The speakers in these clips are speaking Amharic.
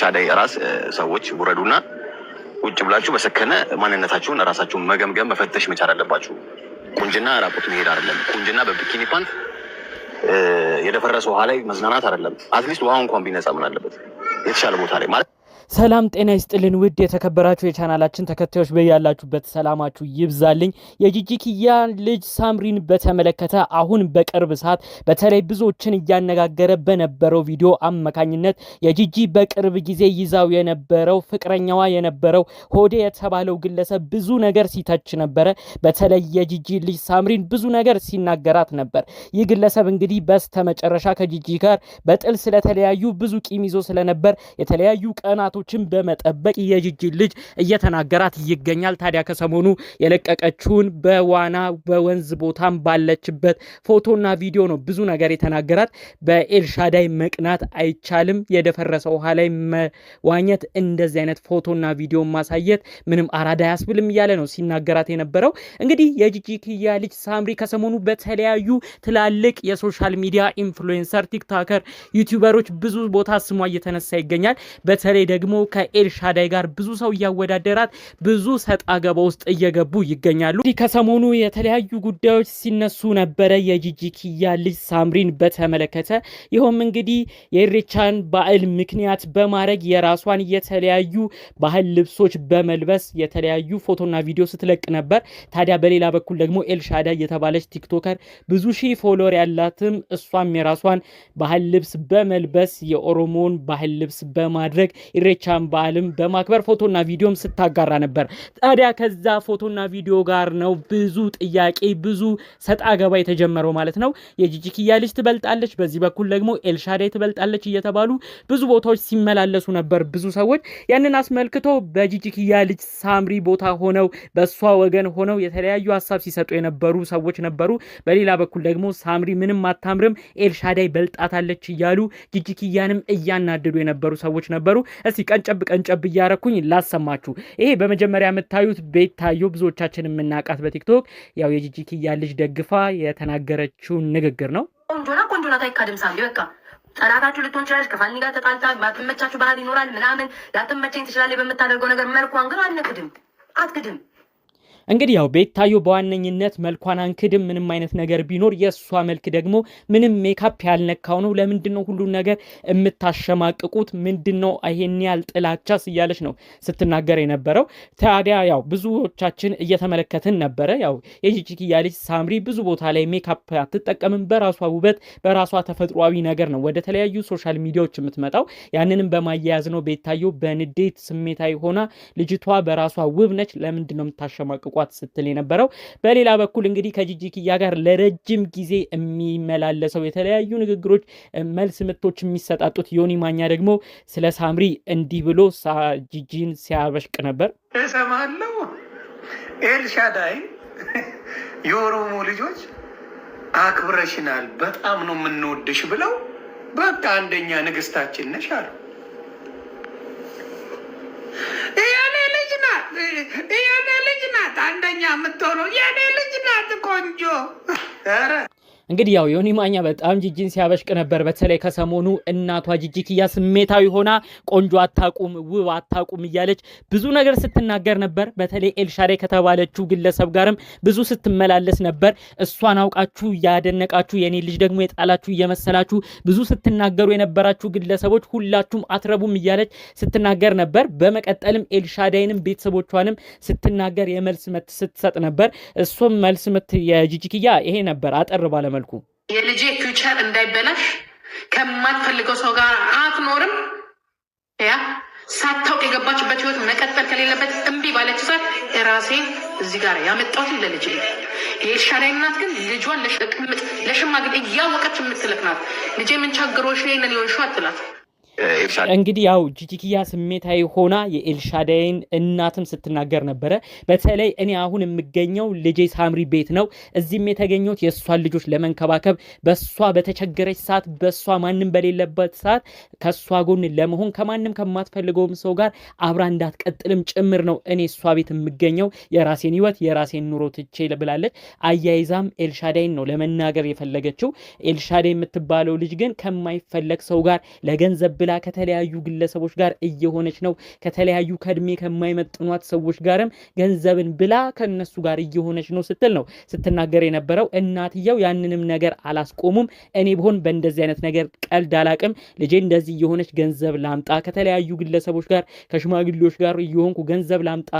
ሻዳይ ራስ ሰዎች ውረዱና ቁጭ ብላችሁ በሰከነ ማንነታችሁን ራሳችሁን መገምገም መፈተሽ መቻል አለባችሁ። ቁንጅና ራቁት መሄድ አይደለም። ቁንጅና በቢኪኒ ፓንት የደፈረሰ ውሃ ላይ መዝናናት አይደለም። አትሊስት ውሃ እንኳን ቢነጻ ምን አለበት የተሻለ ቦታ ላይ ማለት ሰላም ጤና ይስጥልን ውድ የተከበራችሁ የቻናላችን ተከታዮች በያላችሁበት ሰላማችሁ ይብዛልኝ። የጂጂኪያ ልጅ ሳምሪን በተመለከተ አሁን በቅርብ ሰዓት በተለይ ብዙዎችን እያነጋገረ በነበረው ቪዲዮ አማካኝነት የጂጂ በቅርብ ጊዜ ይዛው የነበረው ፍቅረኛዋ የነበረው ሆዴ የተባለው ግለሰብ ብዙ ነገር ሲተች ነበረ። በተለይ የጂጂ ልጅ ሳምሪን ብዙ ነገር ሲናገራት ነበር። ይህ ግለሰብ እንግዲህ በስተመጨረሻ ከጂጂ ጋር በጥል ስለተለያዩ ብዙ ቂም ይዞ ስለነበር የተለያዩ ቀናት ወጣቶችን በመጠበቅ የጂጂን ልጅ እየተናገራት ይገኛል። ታዲያ ከሰሞኑ የለቀቀችውን በዋና በወንዝ ቦታም ባለችበት ፎቶና ቪዲዮ ነው ብዙ ነገር የተናገራት። በኤልሻዳይ መቅናት አይቻልም፣ የደፈረሰ ውሃ ላይ መዋኘት፣ እንደዚህ አይነት ፎቶና ቪዲዮ ማሳየት ምንም አራዳ አያስብልም እያለ ነው ሲናገራት የነበረው። እንግዲህ የጂጂ ክያ ልጅ ሳምሪ ከሰሞኑ በተለያዩ ትላልቅ የሶሻል ሚዲያ ኢንፍሉዌንሰር፣ ቲክቶከር፣ ዩቲዩበሮች ብዙ ቦታ ስሟ እየተነሳ ይገኛል። በተለይ ደግሞ ደግሞ ከኤልሻዳይ ጋር ብዙ ሰው እያወዳደራት ብዙ ሰጥ አገባ ውስጥ እየገቡ ይገኛሉ። ከሰሞኑ የተለያዩ ጉዳዮች ሲነሱ ነበረ። የጂጂ ኪያ ልጅ ሳምሪን በተመለከተ ይኸውም እንግዲህ የኢሬቻን በዓል ምክንያት በማድረግ የራሷን የተለያዩ ባህል ልብሶች በመልበስ የተለያዩ ፎቶና ቪዲዮ ስትለቅ ነበር። ታዲያ በሌላ በኩል ደግሞ ኤልሻዳይ የተባለች ቲክቶከር ብዙ ሺህ ፎሎወር ያላትም እሷም የራሷን ባህል ልብስ በመልበስ የኦሮሞን ባህል ልብስ በማድረግ የኢሬቻን በዓልም በማክበር ፎቶና ቪዲዮም ስታጋራ ነበር። ታዲያ ከዛ ፎቶና ቪዲዮ ጋር ነው ብዙ ጥያቄ ብዙ ሰጣ ገባ የተጀመረው ማለት ነው። የጂጂኪያ ልጅ ትበልጣለች፣ በዚህ በኩል ደግሞ ኤልሻዳይ ትበልጣለች እየተባሉ ብዙ ቦታዎች ሲመላለሱ ነበር ብዙ ሰዎች። ያንን አስመልክቶ በጂጂኪያ ልጅ ሳምሪ ቦታ ሆነው በእሷ ወገን ሆነው የተለያዩ ሀሳብ ሲሰጡ የነበሩ ሰዎች ነበሩ። በሌላ በኩል ደግሞ ሳምሪ ምንም አታምርም፣ ኤልሻዳይ በልጣታለች እያሉ ጂጂኪያንም እያናደዱ የነበሩ ሰዎች ነበሩ። እስቲ እንግዲህ ቀንጨብ ቀንጨብ እያረኩኝ ላሰማችሁ። ይሄ በመጀመሪያ የምታዩት ቤታዮ ብዙዎቻችን የምናውቃት በቲክቶክ ያው የጂጂ ኪያ ልጅ ደግፋ የተናገረችውን ንግግር ነው። ቆንጆና ቆንጆና ታይካ ድምሳ በቃ ጠላታችሁ ልትሆን ትችላለች። ከፋኒ ጋር ተጣልታ ማትመቻችሁ ባህል ይኖራል ምናምን ላትመቸኝ ትችላለች። በምታደርገው ነገር መልኳን ግን አትክድም አትክድም እንግዲህ ያው ቤታዮ በዋነኝነት መልኳን አንክድም። ምንም አይነት ነገር ቢኖር የእሷ መልክ ደግሞ ምንም ሜካፕ ያልነካው ነው። ለምንድን ነው ሁሉን ነገር የምታሸማቅቁት? ምንድን ነው ይሄን ያህል ጥላቻስ? እያለች ነው ስትናገር የነበረው። ታዲያ ያው ብዙዎቻችን እየተመለከትን ነበረ። ያው የጂጂኪያ ልጅ ሳምሪ ብዙ ቦታ ላይ ሜካፕ አትጠቀምም። በራሷ ውበት በራሷ ተፈጥሯዊ ነገር ነው ወደ ተለያዩ ሶሻል ሚዲያዎች የምትመጣው። ያንንም በማያያዝ ነው ቤታዮ በንዴት ስሜታዊ ሆና ልጅቷ በራሷ ውብ ነች፣ ለምንድን ነው የምታሸማቅቁ አስታርቋት ስትል የነበረው። በሌላ በኩል እንግዲህ ከጂጂ ኪያ ጋር ለረጅም ጊዜ የሚመላለሰው የተለያዩ ንግግሮች፣ መልስ ምቶች የሚሰጣጡት ዮኒ ማኛ ደግሞ ስለ ሳምሪ እንዲህ ብሎ ጂጂን ሲያበሽቅ ነበር። እሰማለሁ ኤልሻዳይ የኦሮሞ ልጆች አክብረሽናል፣ በጣም ነው የምንወድሽ ብለው በቃ አንደኛ ንግስታችን ነሽ አሉ። የኔ ልጅ ናት። አንደኛ የምትሆነው የኔ ልጅ ናት። ቆንጆ እንግዲህ ያው ዮኒ ማኛ በጣም ጂጂን ሲያበሽቅ ነበር። በተለይ ከሰሞኑ እናቷ ጂጂ ኪያ ስሜታዊ ሆና ቆንጆ አታቁም፣ ውብ አታቁም እያለች ብዙ ነገር ስትናገር ነበር። በተለይ ኤልሻሬ ከተባለችው ግለሰብ ጋርም ብዙ ስትመላለስ ነበር። እሷን አውቃችሁ ያደነቃችሁ የኔ ልጅ ደግሞ የጣላችሁ እየመሰላችሁ ብዙ ስትናገሩ የነበራችሁ ግለሰቦች ሁላችሁም አትረቡም እያለች ስትናገር ነበር። በመቀጠልም ኤልሻዳይንም ቤተሰቦቿንም ስትናገር የመልስ ምት ስትሰጥ ነበር። እሱም መልስ ምት የጂጂ ኪያ ይሄ ነበር አጠር ባለ መልኩ የልጄ ፊውቸር እንዳይበላሽ ከማትፈልገው ሰው ጋር አትኖርም። ያ ሳታውቅ የገባችበት ህይወት መቀጠል ከሌለበት እምቢ ባለች ሰዓት የራሴ እዚህ ጋር ያመጣሁት ለልጅ የሻላይ እናት ግን ልጇን ለሽማግሌ እያወቀች የምትልክ ናት። ልጄ ምን ቸግሮሽ ይሄንን ሊሆን አትላት እንግዲህ ያው ጂጂኪያ ስሜታዊ ሆና የኤልሻዳይን እናትም ስትናገር ነበረ። በተለይ እኔ አሁን የምገኘው ልጄ ሳምሪ ቤት ነው። እዚህም የተገኘሁት የእሷን ልጆች ለመንከባከብ በእሷ በተቸገረች ሰዓት፣ በእሷ ማንም በሌለበት ሰዓት ከእሷ ጎን ለመሆን ከማንም ከማትፈልገውም ሰው ጋር አብራ እንዳትቀጥልም ጭምር ነው እኔ እሷ ቤት የምገኘው የራሴን ሕይወት የራሴን ኑሮ ትቼ ብላለች። አያይዛም ኤልሻዳይን ነው ለመናገር የፈለገችው። ኤልሻዳይ የምትባለው ልጅ ግን ከማይፈለግ ሰው ጋር ለገንዘብ ብላ ከተለያዩ ግለሰቦች ጋር እየሆነች ነው። ከተለያዩ ከእድሜ ከማይመጥኗት ሰዎች ጋርም ገንዘብን ብላ ከነሱ ጋር እየሆነች ነው ስትል ነው ስትናገር የነበረው። እናትየው ያንንም ነገር አላስቆሙም። እኔ ብሆን በእንደዚህ አይነት ነገር ቀልድ አላቅም። ልጄ እንደዚህ እየሆነች ገንዘብ ላምጣ፣ ከተለያዩ ግለሰቦች ጋር ከሽማግሌዎች ጋር እየሆንኩ ገንዘብ ላምጣ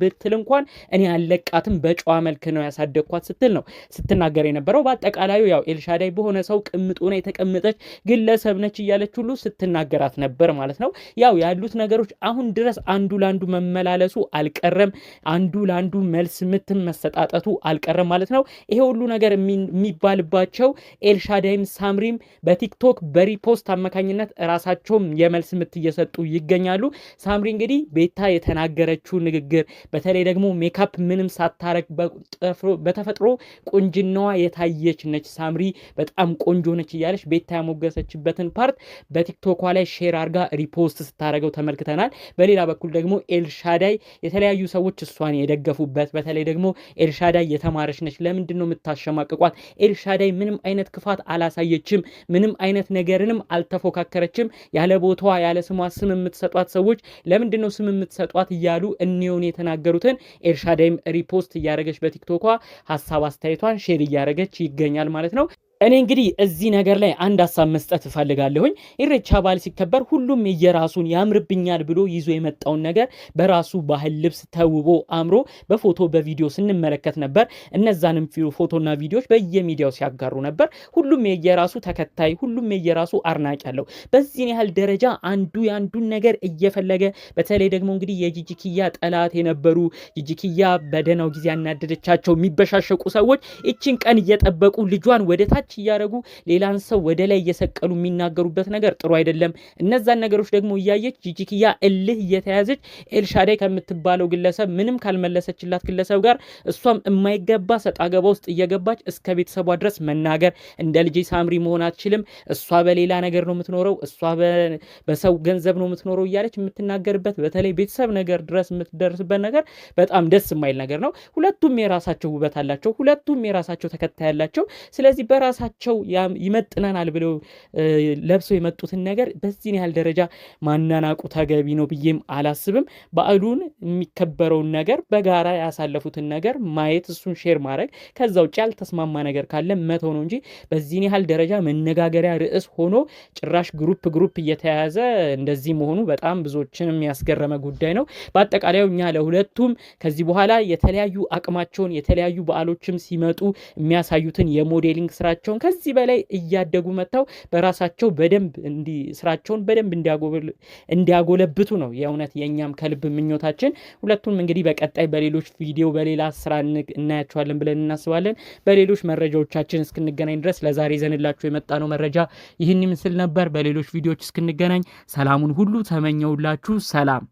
ብትል እንኳን እኔ አለቃትም፣ በጨዋ መልክ ነው ያሳደግኳት ስትል ነው ስትናገር የነበረው። በአጠቃላዩ ያው ኤልሻዳይ በሆነ ሰው ቅምጦና የተቀመጠች ግለሰብ ነች እያለች ሁሉ ስትናገር ሲናገራት ነበር ማለት ነው። ያው ያሉት ነገሮች አሁን ድረስ አንዱ ለአንዱ መመላለሱ አልቀረም፣ አንዱ ለአንዱ መልስ ምትን መሰጣጠቱ አልቀረም ማለት ነው። ይሄ ሁሉ ነገር የሚባልባቸው ኤልሻዳይም ሳምሪም በቲክቶክ በሪፖስት አማካኝነት ራሳቸውም የመልስ ምት እየሰጡ ይገኛሉ። ሳምሪ እንግዲህ ቤታ የተናገረችው ንግግር በተለይ ደግሞ ሜካፕ ምንም ሳታረግ በተፈጥሮ ቁንጅናዋ የታየች ነች ሳምሪ በጣም ቆንጆ ነች እያለች ቤታ ያሞገሰችበትን ፓርት በቲክቶኳ ላይ ሼር አርጋ ሪፖስት ስታደረገው ተመልክተናል። በሌላ በኩል ደግሞ ኤልሻዳይ የተለያዩ ሰዎች እሷን የደገፉበት በተለይ ደግሞ ኤልሻዳይ የተማረች ነች፣ ለምንድን ነው የምታሸማቅቋት? ኤልሻዳይ ምንም አይነት ክፋት አላሳየችም፣ ምንም አይነት ነገርንም አልተፎካከረችም፣ ያለ ቦታዋ ያለ ስሟ ስም የምትሰጧት ሰዎች ለምንድን ነው ስም የምትሰጧት? እያሉ እኒሆን የተናገሩትን ኤልሻዳይም ሪፖስት እያደረገች በቲክቶኳ ሀሳብ አስተያየቷን ሼር እያደረገች ይገኛል ማለት ነው። እኔ እንግዲህ እዚህ ነገር ላይ አንድ ሀሳብ መስጠት እፈልጋለሁኝ። ኢሬቻ በዓል ሲከበር ሁሉም የየራሱን ያምርብኛል ብሎ ይዞ የመጣውን ነገር በራሱ ባህል ልብስ ተውቦ አምሮ በፎቶ በቪዲዮ ስንመለከት ነበር። እነዛንም ፎቶና ቪዲዮዎች በየሚዲያው ሲያጋሩ ነበር። ሁሉም የየራሱ ተከታይ፣ ሁሉም የየራሱ አድናቂ አለው። በዚህን ያህል ደረጃ አንዱ የአንዱን ነገር እየፈለገ በተለይ ደግሞ እንግዲህ የጂጂኪያ ጠላት የነበሩ ጂጂኪያ በደህናው ጊዜ ያናደደቻቸው የሚበሻሸቁ ሰዎች ይችን ቀን እየጠበቁ ልጇን ወደታች ከታች እያደረጉ ሌላን ሰው ወደ ላይ እየሰቀሉ የሚናገሩበት ነገር ጥሩ አይደለም። እነዛን ነገሮች ደግሞ እያየች ጂጂክያ እልህ እየተያዘች ኤልሻዳይ ከምትባለው ግለሰብ ምንም ካልመለሰችላት ግለሰብ ጋር እሷም የማይገባ ሰጣ ገባ ውስጥ እየገባች እስከ ቤተሰቧ ድረስ መናገር እንደ ልጄ ሳምሪ መሆን አትችልም፣ እሷ በሌላ ነገር ነው የምትኖረው፣ እሷ በሰው ገንዘብ ነው የምትኖረው እያለች የምትናገርበት በተለይ ቤተሰብ ነገር ድረስ የምትደርስበት ነገር በጣም ደስ የማይል ነገር ነው። ሁለቱም የራሳቸው ውበት አላቸው። ሁለቱም የራሳቸው ተከታይ አላቸው። ስለዚህ በራስ ለራሳቸው ይመጥናናል ብለው ለብሰው የመጡትን ነገር በዚህን ያህል ደረጃ ማናናቁ ተገቢ ነው ብዬም አላስብም። በዓሉን የሚከበረውን ነገር በጋራ ያሳለፉትን ነገር ማየት፣ እሱን ሼር ማድረግ፣ ከዛ ውጭ ያልተስማማ ነገር ካለ መተው ነው እንጂ በዚህን ያህል ደረጃ መነጋገሪያ ርዕስ ሆኖ ጭራሽ ግሩፕ ግሩፕ እየተያያዘ እንደዚህ መሆኑ በጣም ብዙዎችን የሚያስገረመ ጉዳይ ነው። በአጠቃላይ እኛ ለሁለቱም ከዚህ በኋላ የተለያዩ አቅማቸውን የተለያዩ በዓሎችም ሲመጡ የሚያሳዩትን የሞዴሊንግ ስራቸው ስራቸውን ከዚህ በላይ እያደጉ መጥተው በራሳቸው በደንብ እንዲ ስራቸውን በደንብ እንዲያጎለብቱ ነው የእውነት የእኛም ከልብ ምኞታችን። ሁለቱም እንግዲህ በቀጣይ በሌሎች ቪዲዮ በሌላ ስራ እናያቸዋለን ብለን እናስባለን። በሌሎች መረጃዎቻችን እስክንገናኝ ድረስ ለዛሬ ዘንላችሁ ነው መረጃ ይህን ምስል ነበር። በሌሎች ቪዲዮዎች እስክንገናኝ ሰላሙን ሁሉ ተመኘውላችሁ። ሰላም